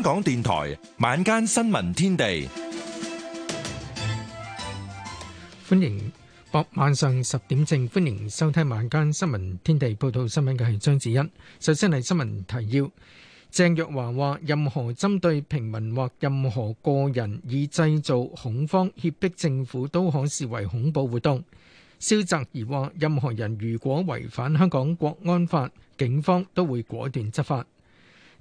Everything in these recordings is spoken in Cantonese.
香港電台晚間新聞天地，歡迎，晚上十點正歡迎收聽晚間新聞天地報道新聞嘅係張子欣。首先係新聞提要：鄭若驊話，任何針對平民或任何個人以製造恐慌、脅迫政府，都可視為恐怖活動。蕭澤頤話，任何人如果違反香港國安法，警方都會果斷執法。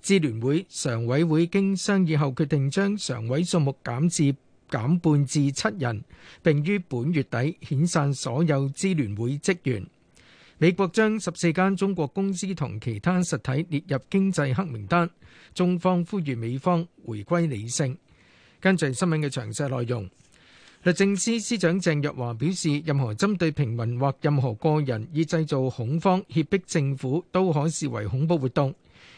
支聯會常委會經商議後決定將常委數目減至減半至七人，並於本月底遣散所有支聯會職員。美國將十四間中國公司同其他實體列入經濟黑名單，中方呼籲美方回歸理性。跟住係新聞嘅詳細內容，律政司司長鄭若驊表示，任何針對平民或任何個人以製造恐慌、脅迫政府，都可視為恐怖活動。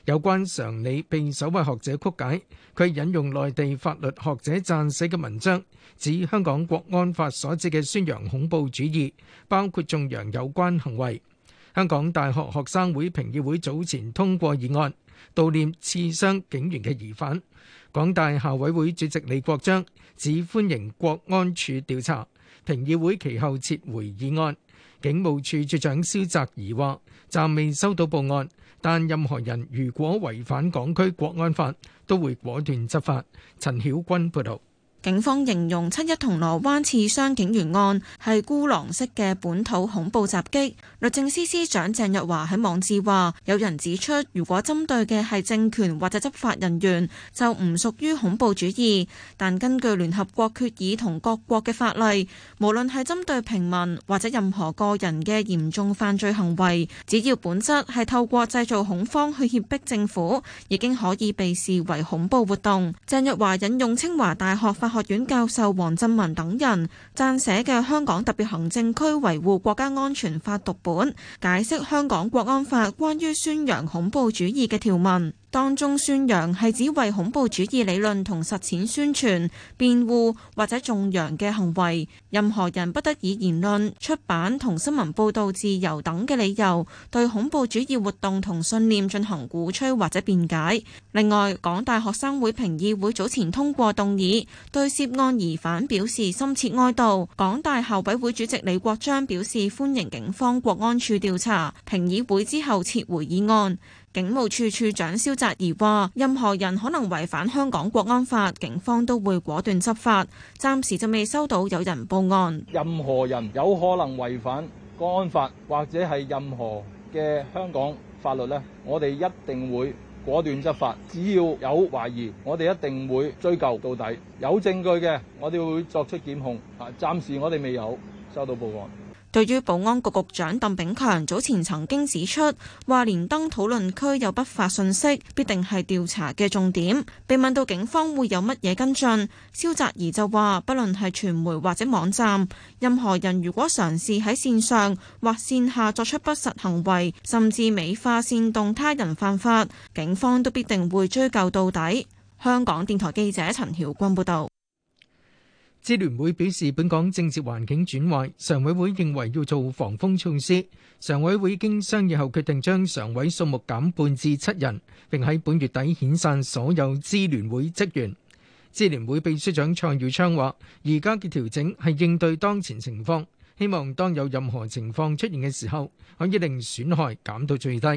有關常理被首位學者曲解，佢引用內地法律學者撰寫嘅文章，指香港國安法所指嘅宣揚恐怖主義包括頌揚有關行為。香港大學學生會評議會早前通過議案，悼念刺傷警員嘅疑犯。港大校委會主席李國章指歡迎國安處調查。評議會其後撤回議案，警務處處長蕭澤頤話：暫未收到報案，但任何人如果違反港區國安法，都會果斷執法。陳曉君報導。警方形容七一銅鑼灣刺傷警員案係孤狼式嘅本土恐怖襲擊。律政司司長鄭若驊喺網誌話：有人指出，如果針對嘅係政權或者執法人員就唔屬於恐怖主義，但根據聯合國決議同各國嘅法例，無論係針對平民或者任何個人嘅嚴重犯罪行為，只要本質係透過製造恐慌去脅迫政府，已經可以被視為恐怖活動。鄭若驊引用清華大學法學院教授黃振文等人撰寫嘅《香港特別行政區維護國家安全法》讀本，解釋香港國安法關於宣揚恐怖主義嘅條文。當中宣揚係指為恐怖主義理論同實踐宣傳、辯護或者縱容嘅行為。任何人不得以言論、出版同新聞報導自由等嘅理由對恐怖主義活動同信念進行鼓吹或者辯解。另外，港大學生會評議會早前通過動議，對涉案疑犯表示深切哀悼。港大校委會主席李國章表示歡迎警方國安處調查。評議會之後撤回議案。警務處處長蕭澤頤話：任何人可能違反香港國安法，警方都會果斷執法。暫時就未收到有人報案。任何人有可能違反國安法或者係任何嘅香港法律呢，我哋一定會果斷執法。只要有懷疑，我哋一定會追究到底。有證據嘅，我哋會作出檢控。啊，暫時我哋未有收到報案。對於保安局局長鄧炳強早前曾經指出，話連登討論區有不法信息，必定係調查嘅重點。被問到警方會有乜嘢跟進，蕭澤頤就話：不論係傳媒或者網站，任何人如果嘗試喺線上或線下作出不實行為，甚至美化煽動他人犯法，警方都必定會追究到底。香港電台記者陳曉君報道。支聯會表示，本港政治環境轉壞，常委會認為要做防風措施。常委會經商議後決定將常委數目減半至七人，並喺本月底遣散所有支聯會職員。支聯會秘書長蔡耀昌話：而家嘅調整係應對當前情況，希望當有任何情況出現嘅時候，可以令損害減到最低。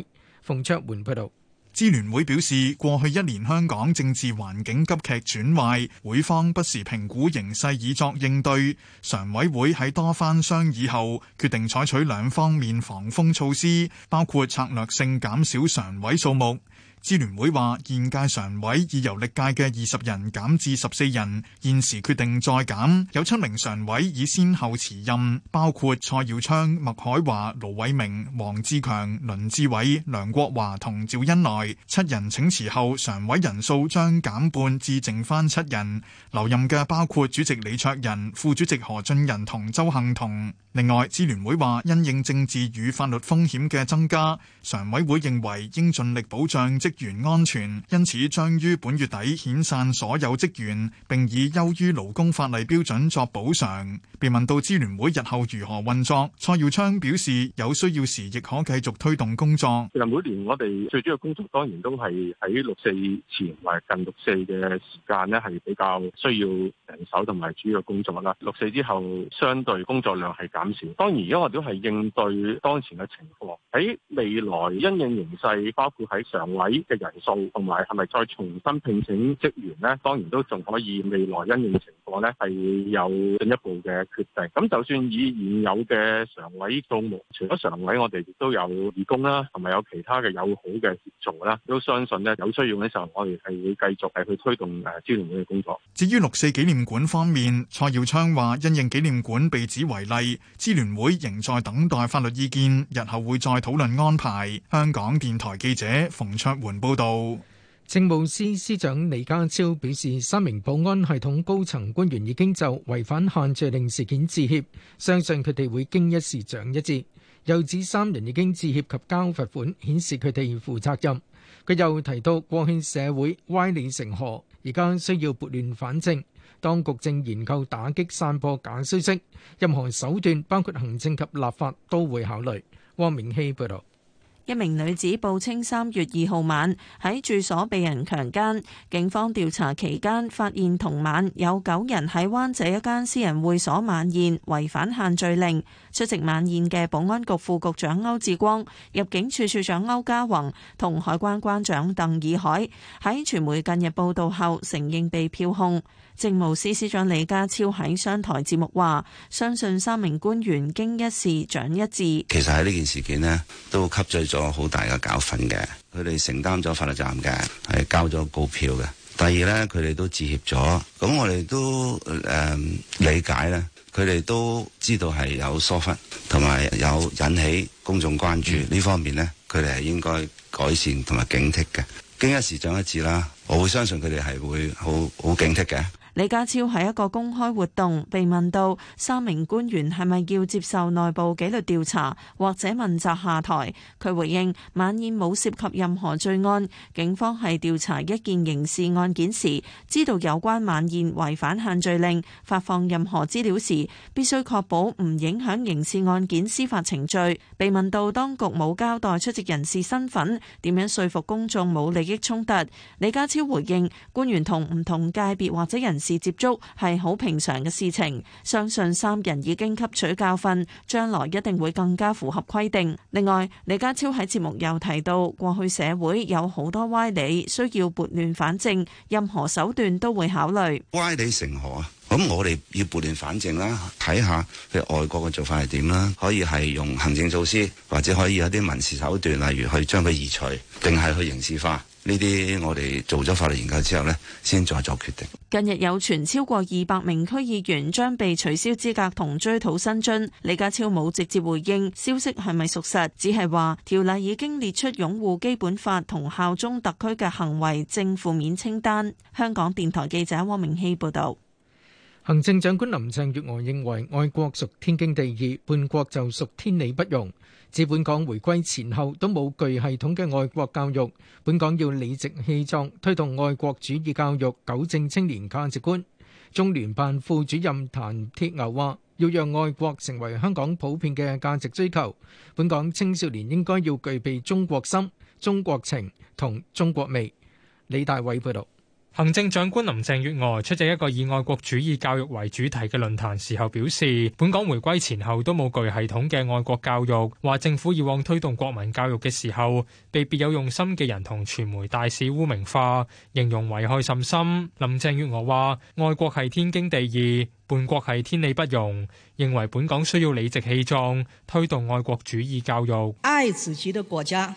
馮卓煥報道。支聯會表示，過去一年香港政治環境急劇轉壞，會方不時評估形勢以作應對。常委會喺多番商議後，決定採取兩方面防風措施，包括策略性減少常委數目。支聯會話：現屆常委已由歷屆嘅二十人減至十四人，現時決定再減，有七名常委已先後辭任，包括蔡耀昌、麥海華、盧偉明、黃志強、林志偉、梁國華同趙恩來。七人請辭後，常委人數將減半至剩返七人，留任嘅包括主席李卓人、副主席何俊仁同鄒幸彤。另外，支聯會話：因應政治與法律風險嘅增加，常委會認為應盡力保障員安全，因此將於本月底遣散所有職員，並以優於勞工法例標準作補償。被問到支聯會日後如何運作，蔡耀昌表示有需要時亦可繼續推動工作。其實每年我哋最主要工作當然都係喺六四前或近六四嘅時間咧，係比較需要人手同埋主要工作啦。六四之後相對工作量係減少，當然而家我哋都係應對當前嘅情況。喺未來因應形勢，包括喺常委嘅人數同埋係咪再重新聘請職員咧？當然都仲可以，未來因應情我呢係有進一步嘅決定。咁就算以現有嘅常委數目，除咗常委，我哋亦都有義工啦，同埋有其他嘅友好嘅協助啦。都相信呢，有需要嘅時候，我哋係會繼續係去推動誒支聯會嘅工作。至於六四紀念館方面，蔡耀昌話：因應紀念館被指違例，支聯會仍在等待法律意見，日後會再討論安排。香港電台記者馮卓桓報道。政務司司長李家超表示，三名保安系統高層官員已經就違反限聚令事件致歉，相信佢哋會經一事長一智。又指三人已經致歉及交罰款，顯示佢哋負責任。佢又提到過去社會歪理成河，而家需要撥亂反正，當局正研究打擊散播假消息，任何手段包括行政及立法都會考慮。汪明希報道。一名女子報稱三月二號晚喺住所被人強奸。警方調查期間發現同晚有九人喺灣仔一間私人會所晚宴，違反限聚令。出席晚宴嘅保安局副局長歐志光、入境處處長歐嘉宏同海關關長鄧以海喺傳媒近日報導後，承認被票控。政務司司長李家超喺商台節目話：相信三名官員經一事長一智。其實喺呢件事件呢，都吸取咗好大嘅教訓嘅。佢哋承擔咗法律責任嘅，係交咗告票嘅。第二呢，佢哋都致歉咗。咁我哋都誒、嗯、理解呢，佢哋都知道係有疏忽，同埋有，有引起公眾關注呢方面呢，佢哋係應該改善同埋警惕嘅。經一事長一智啦，我會相信佢哋係會好好警惕嘅。李家超喺一個公開活動，被問到三名官員係咪要接受內部紀律調查或者問責下台，佢回應晚宴冇涉及任何罪案。警方喺調查一件刑事案件時，知道有關晚宴違反限聚令，發放任何資料時必須確保唔影響刑事案件司法程序。被問到當局冇交代出席人士身份，點樣說服公眾冇利益衝突，李家超回應官員同唔同界別或者人，是接觸係好平常嘅事情，相信三人已經吸取教訓，將來一定會更加符合規定。另外，李家超喺節目又提到，過去社會有好多歪理，需要撥亂反正，任何手段都會考慮。歪理成河啊！咁我哋要撥亂反正啦，睇下佢外國嘅做法係點啦，可以係用行政措施，或者可以有啲民事手段，例如去將佢移除，定係去刑事化。呢啲我哋做咗法律研究之後咧，先再做決定。近日有傳超過二百名區議員將被取消資格同追討薪津，李家超冇直接回應消息係咪屬實，只係話條例已經列出擁護基本法同效忠特區嘅行為正負面清單。香港電台記者汪明希報道。行政長官林鄭月娥認為，愛國屬天經地義，叛國就屬天理不容。自本港回歸前後都冇具系統嘅愛國教育，本港要理直氣壯推動愛國主義教育，糾正青年價值觀。中聯辦副主任譚鐵牛話：要讓愛國成為香港普遍嘅價值追求，本港青少年應該要具備中國心、中國情同中國味。李大偉報導。行政長官林鄭月娥出席一個以愛國主義教育為主題嘅論壇時候表示，本港回歸前後都冇具系統嘅愛國教育，話政府以往推動國民教育嘅時候被別有用心嘅人同傳媒大肆污名化，形容危害甚深。林鄭月娥話：愛國係天經地義，叛國係天理不容，認為本港需要理直氣壯推動愛國主義教育。愛自己的國家。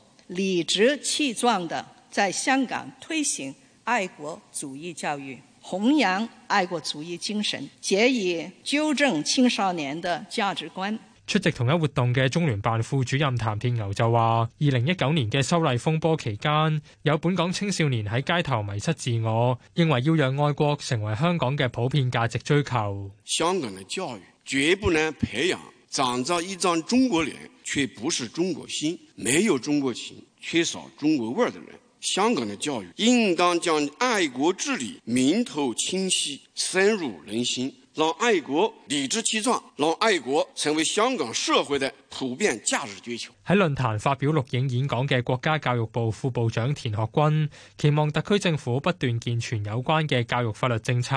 理直氣壯地在香港推行愛國主義教育，弘揚愛國主義精神，借以糾正青少年的價值觀。出席同一活動嘅中聯辦副主任譚鐵牛就話，二零一九年嘅修例風波期間，有本港青少年喺街頭迷失自我，認為要讓愛國成為香港嘅普遍價值追求。香港嘅教育絕不能培養。長着一張中國臉，卻不是中國心，沒有中國情，缺少中國味的人。香港的教育應當將愛國治理名頭清晰，深入人心，讓愛國理直氣壯，讓愛國成為香港社會的普遍價值追求。喺論壇發表錄影演講嘅國家教育部副部長田學軍，期望特區政府不斷健全有關嘅教育法律政策，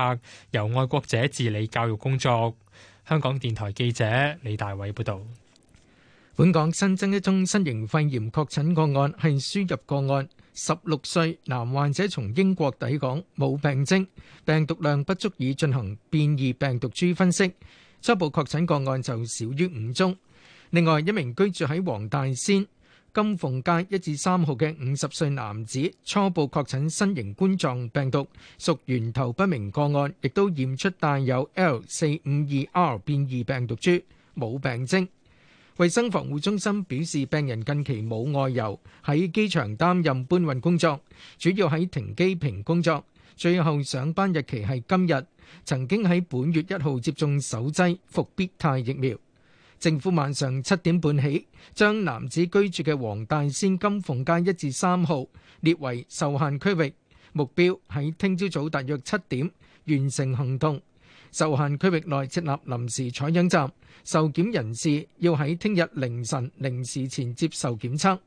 由愛國者治理教育工作。香港電台記者李大偉報道，本港新增一宗新型肺炎確診個案係輸入個案，十六歲男患者從英國抵港，冇病徵，病毒量不足以進行變異病毒株分析。初步確診個案就少於五宗。另外一名居住喺黃大仙金鳳街一至三號嘅五十歲男子初步確診新型冠狀病毒，屬源頭不明個案，亦都驗出帶有 L 四五二 R 變異病毒株，冇病徵。衛生防護中心表示，病人近期冇外遊，喺機場擔任搬運工作，主要喺停機坪工作，最後上班日期係今日，曾經喺本月一號接種首劑復必泰疫苗。政府晚上七點半起，將男子居住嘅黃大仙金鳳街一至三號列為受限區域，目標喺聽朝早大約七點完成行動。受限區域內設立臨時採樣站，受檢人士要喺聽日凌晨零時前接受檢測。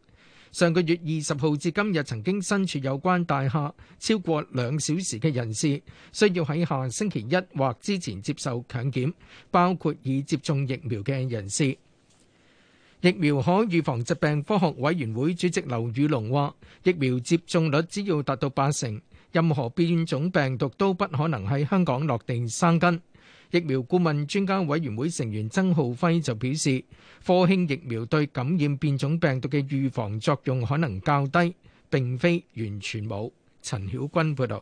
上個月二十號至今日曾經身處有關大廈超過兩小時嘅人士，需要喺下星期一或之前接受強檢，包括已接種疫苗嘅人士。疫苗可預防疾病科學委員會主席劉宇龍話，疫苗接種率只要達到八成，任何變種病毒都不可能喺香港落地生根。疫苗顧問專家委員會成員曾浩輝就表示，科興疫苗對感染變種病毒嘅預防作用可能較低，並非完全冇。陳曉君報導。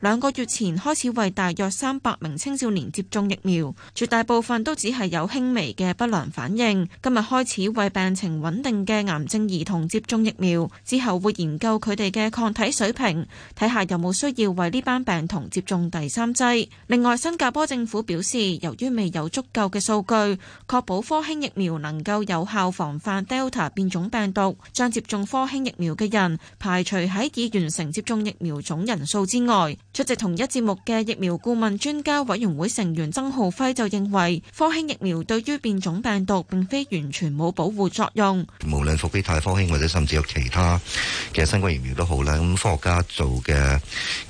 兩個月前開始為大約三百名青少年接種疫苗，絕大部分都只係有輕微嘅不良反應。今日開始為病情穩定嘅癌症兒童接種疫苗，之後會研究佢哋嘅抗體水平，睇下有冇需要為呢班病童接種第三劑。另外，新加坡政府表示，由於未有足夠嘅數據，確保科興疫苗能夠有效防範 Delta 變種病毒，將接種科興疫苗嘅人排除喺已完成接種疫苗總人數之外。出席同一節目嘅疫苗顧問專家委員會成員曾浩輝就認為，科興疫苗對於變種病毒並非完全冇保護作用。無論復必泰、科興或者甚至有其他嘅新冠疫苗都好啦。咁科學家做嘅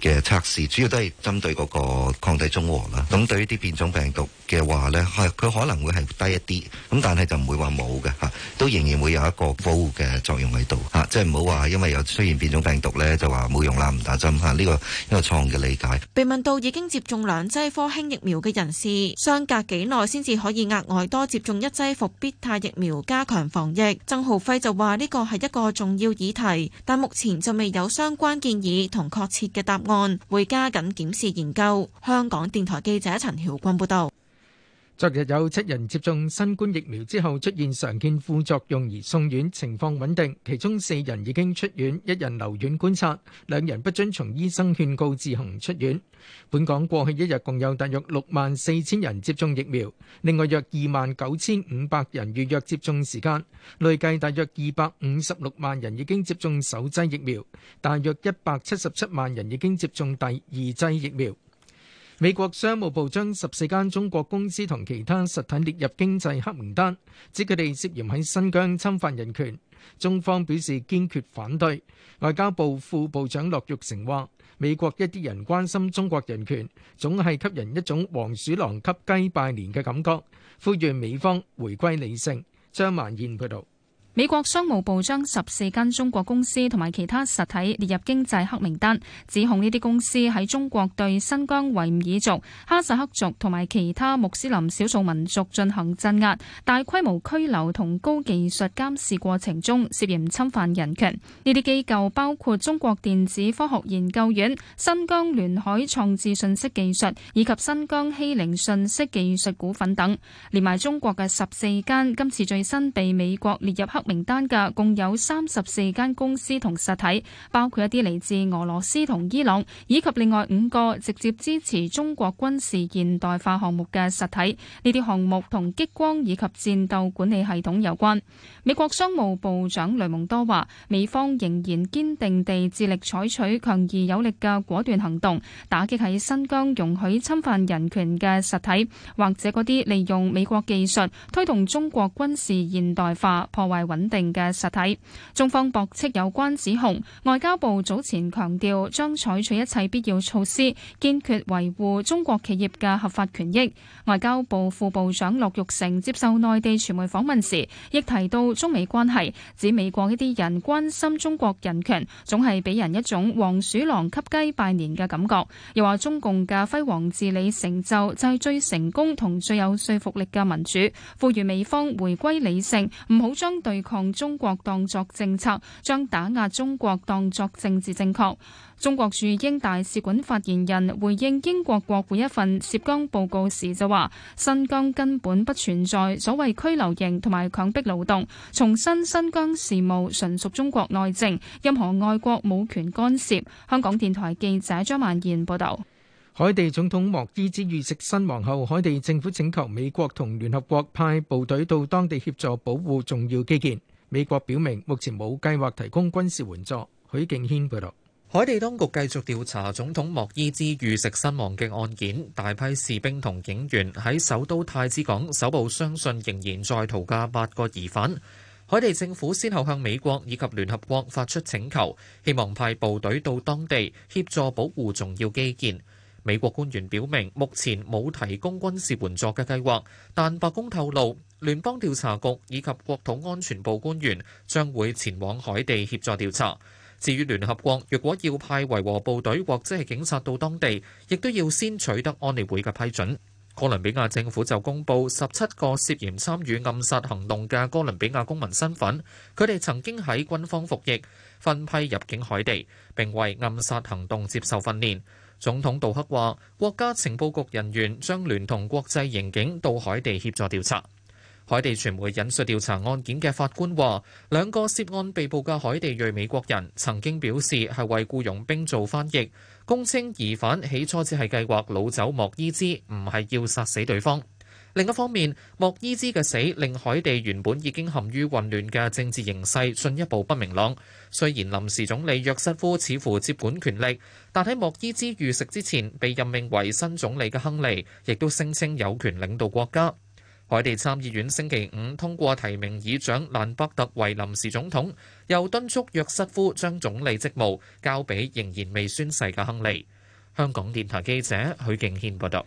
嘅測試，主要都係針對嗰個抗體中和啦。咁對於啲變種病毒嘅話呢，係佢可能會係低一啲。咁但係就唔會話冇嘅嚇，都仍然會有一個保護嘅作用喺度嚇。即係唔好話因為有出現變種病毒呢就話冇用啦，唔打針嚇。呢個因為創嘅理解。被問到已經接種兩劑科興疫苗嘅人士，相隔幾耐先至可以額外多接種一劑復必泰疫苗加強防疫？曾浩輝就話呢個係一個重要議題，但目前就未有相關建議同確切嘅答案，會加緊檢視研究。香港電台記者陳曉君報道。昨日有七人接種新冠疫苗之後出現常見副作用而送院，情況穩定。其中四人已經出院，一人留院觀察，兩人不遵從醫生勸告自行出院。本港過去一日共有大約六萬四千人接種疫苗，另外約二萬九千五百人預約接種時間，累計大約二百五十六萬人已經接種首劑疫苗，大約一百七十七萬人已經接種第二劑疫苗。美國商務部將十四間中國公司同其他實體列入經濟黑名單，指佢哋涉嫌喺新疆侵犯人權。中方表示堅決反對。外交部副部長樂玉成話：美國一啲人關心中國人權，總係給人一種黃鼠狼給雞拜年嘅感覺。呼籲美方回歸理性。張萬燕報導。美國商務部將十四間中國公司同埋其他實體列入經濟黑名單，指控呢啲公司喺中國對新疆維吾爾族、哈薩克族同埋其他穆斯林少數民族進行鎮壓、大規模拘留同高技術監視過程中涉嫌侵犯人權。呢啲機構包括中國電子科學研究院、新疆聯海創智信息技術以及新疆欺凌信息技術股份等，連埋中國嘅十四間今次最新被美國列入黑名單嘅共有三十四間公司同實體，包括一啲嚟自俄羅斯同伊朗，以及另外五個直接支持中國軍事現代化項目嘅實體。呢啲項目同激光以及戰鬥管理系統有關。美國商務部長雷蒙多話：美方仍然堅定地致力採取強而有力嘅果斷行動，打擊喺新疆容許侵犯人權嘅實體，或者嗰啲利用美國技術推動中國軍事現代化破壞穩定嘅實體，中方駁斥有關指控。外交部早前強調，將採取一切必要措施，堅決維護中國企業嘅合法權益。外交部副部長樂玉成接受內地傳媒訪問時，亦提到中美關係，指美國一啲人關心中國人權，總係俾人一種黃鼠狼給雞拜年嘅感覺。又話中共嘅輝煌治理成就就係最成功同最有說服力嘅民主。呼籲美方回歸理性，唔好將對抗中國當作政策，將打壓中國當作政治正確。中國駐英大使館發言人回應英國國會一份涉疆報告時就話：新疆根本不存在所謂拘留營同埋強迫勞動，重申新，新疆事務純屬中國內政，任何外國冇權干涉。香港電台記者張曼燕報道。海地總統莫伊茲遇襲身亡後，海地政府請求美國同聯合國派部隊到當地協助保護重要基建。美國表明目前冇計劃提供軍事援助。許敬軒報導，海地當局繼續調查總統莫伊茲遇襲身亡嘅案件。大批士兵同警員喺首都太子港搜捕相信仍然在逃嘅八個疑犯。海地政府先後向美國以及聯合國發出請求，希望派部隊到當地協助保護重要基建。美國官員表明目前冇提供軍事援助嘅計劃，但白宮透露聯邦調查局以及國土安全部官員將會前往海地協助調查。至於聯合國，若果要派維和部隊或者係警察到當地，亦都要先取得安理會嘅批准。哥倫比亞政府就公布十七個涉嫌參與暗殺行動嘅哥倫比亞公民身份，佢哋曾經喺軍方服役，分批入境海地，並為暗殺行動接受訓練。總統杜克話：國家情報局人員將聯同國際刑警到海地協助調查。海地傳媒引述調查案件嘅法官話，兩個涉案被捕嘅海地裔美國人曾經表示係為僱傭兵做翻譯，供稱疑犯起初只係計劃擄走莫伊茲，唔係要殺死對方。另一方面，莫伊茲嘅死令海地原本已經陷於混亂嘅政治形勢進一步不明朗。雖然臨時總理約瑟夫似乎接管權力，但喺莫伊茲遇食之前被任命為新總理嘅亨利，亦都聲稱有權領導國家。海地參議院星期五通過提名議長蘭伯特為臨時總統，又敦促約瑟夫將總理職務交俾仍然未宣誓嘅亨利。香港電台記者許敬軒報道。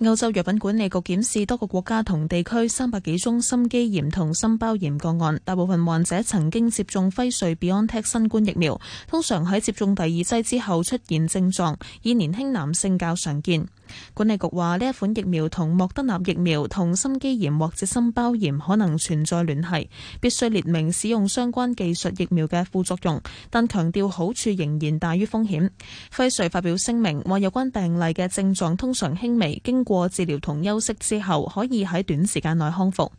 歐洲藥品管理局檢視多個國家同地區三百幾宗心肌炎同心包炎個案，大部分患者曾經接種輝瑞、必安特新冠疫苗，通常喺接種第二劑之後出現症狀，以年輕男性較常見。管理局話呢一款疫苗同莫德納疫苗同心肌炎或者心包炎可能存在聯繫，必須列明使用相關技術疫苗嘅副作用，但強調好處仍然大於風險。輝瑞發表聲明話有關病例嘅症狀通常輕微，經過治療同休息之後可以喺短時間內康復。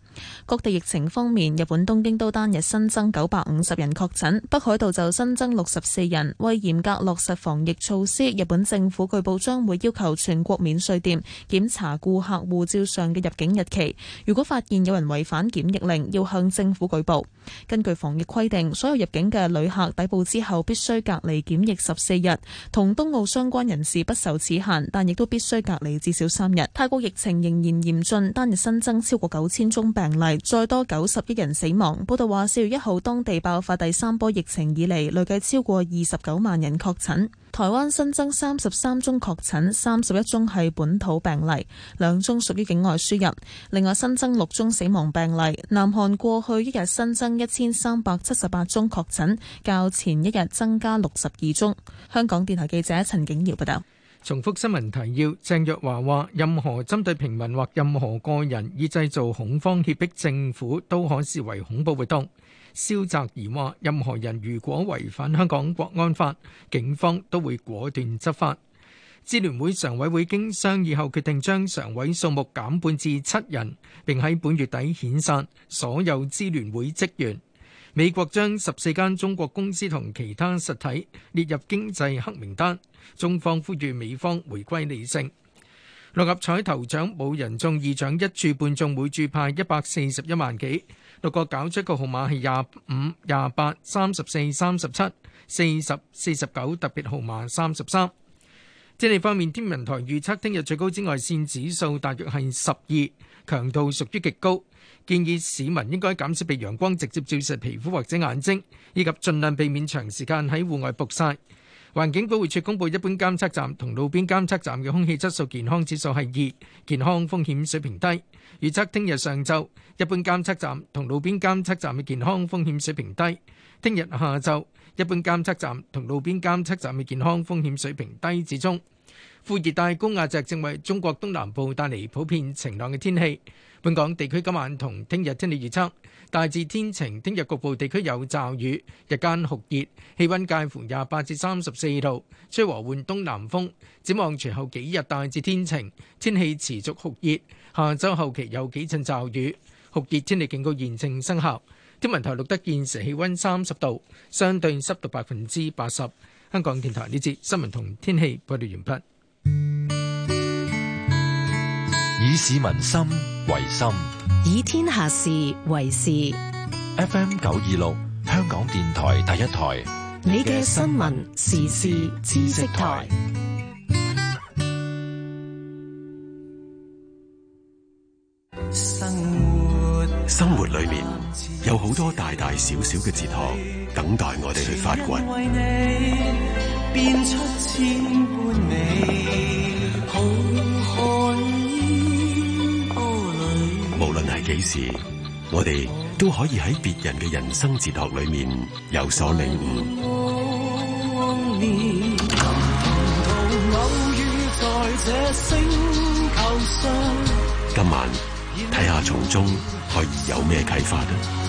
各地疫情方面，日本東京都單日新增九百五十人確診，北海道就新增六十四人。為嚴格落實防疫措施，日本政府據報將會要求全國免稅店檢查顧客護照上嘅入境日期，如果發現有人違反檢疫令，要向政府舉報。根據防疫規定，所有入境嘅旅客抵埗之後必須隔離檢疫十四日，同東澳相關人士不受此限，但亦都必須隔離至少三日。泰國疫情仍然嚴峻，單日新增超過九千宗病病例，再多九十一人死亡。報道話，四月一號當地爆發第三波疫情以嚟，累計超過二十九萬人確診。台灣新增三十三宗確診，三十一宗係本土病例，兩宗屬於境外輸入。另外新增六宗死亡病例。南韓過去一日新增一千三百七十八宗確診，較前一日增加六十二宗。香港電台記者陳景瑤報道。重複新聞提要：鄭若驊話，任何針對平民或任何個人以製造恐慌脅迫政府，都可視為恐怖活動。蕭澤怡話，任何人如果違反香港國安法，警方都會果斷執法。支聯會常委會經商議後決定，將常委數目減半至七人，並喺本月底遣散所有支聯會職員。美國將十四間中國公司同其他實體列入經濟黑名單，中方呼籲美方回歸理性。六合彩頭獎冇人中二獎，一注半中，每注派一百四十一萬幾。六個搞出嘅號碼係廿五、廿八、三十四、三十七、四十、四十九，特別號碼三十三。天氣方面，天文台預測聽日最高紫外線指數大約係十二，強度屬於極高，建議市民應該減少被陽光直接照射皮膚或者眼睛，以及盡量避免長時間喺戶外曝曬。環境保護署公布一般監測站同路邊監測站嘅空氣質素健康指數係二，健康風險水平低。預測聽日上晝一般監測站同路邊監測站嘅健康風險水平低，聽日下晝。一般監測站同路邊監測站嘅健康風險水平低至中。副熱帶高壓脊正為中國東南部帶嚟普遍晴朗嘅天氣。本港地區今晚同聽日天氣預測，大致天晴，聽日局部地區有驟雨，日間酷熱，氣溫介乎廿八至三十四度，吹和緩東南風。展望隨後幾日大致天晴，天氣持續酷熱，下周後期有幾陣驟雨，酷熱天氣警告現正生效。天文台錄得現時氣溫三十度，相對濕度百分之八十。香港電台呢節新聞同天氣報道完畢。以市民心為心，以天下事為事。FM 九二六，香港電台第一台，你嘅新聞時事知識台。有好多大大小小嘅哲學等待我哋去發掘。無論係幾時，我哋都可以喺別人嘅人生哲學裏面有所領悟。今晚睇下從中可以有咩啟發呢？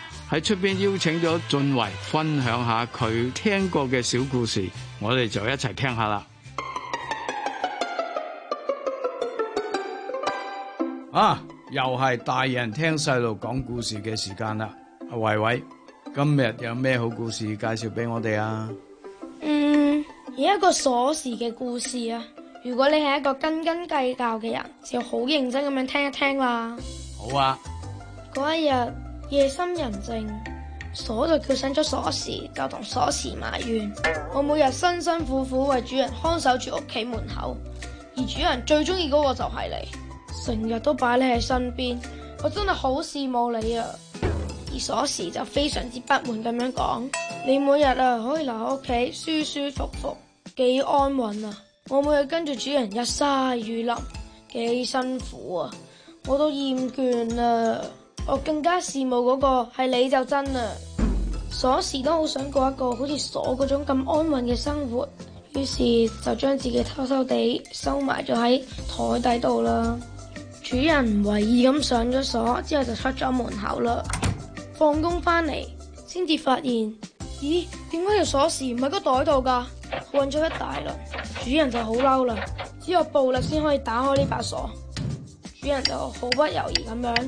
喺出邊邀請咗俊偉分享下佢聽過嘅小故事，我哋就一齊聽下啦。啊，又係大人聽細路講故事嘅時間啦！啊，偉偉，今日有咩好故事介紹俾我哋啊？嗯，有一個鎖匙嘅故事啊。如果你係一個斤斤計較嘅人，就好認真咁樣聽一聽啦。好啊。嗰一日。夜深人靜，鎖就叫醒咗鎖匙，就同鎖匙埋怨：我每日辛辛苦苦為主人看守住屋企門口，而主人最中意嗰個就係你，成日都擺你喺身邊，我真係好羨慕你啊！而鎖匙就非常之不滿咁樣講：你每日啊可以留喺屋企舒舒服服，幾安穩啊！我每日跟住主人日曬雨淋，幾辛苦啊！我都厭倦啦、啊。我更加羨慕嗰個，係你就真啦。鎖匙都好想過一個好似鎖嗰種咁安穩嘅生活，於是就將自己偷偷地收埋咗喺台底度啦。主人唔為意咁上咗鎖之後就出咗門口啦，放工翻嚟，先至發現，咦？點解條鎖匙唔係個袋度噶？看咗一大輪，主人就好嬲啦，只有暴力先可以打開呢把鎖，主人就毫不猶豫咁樣。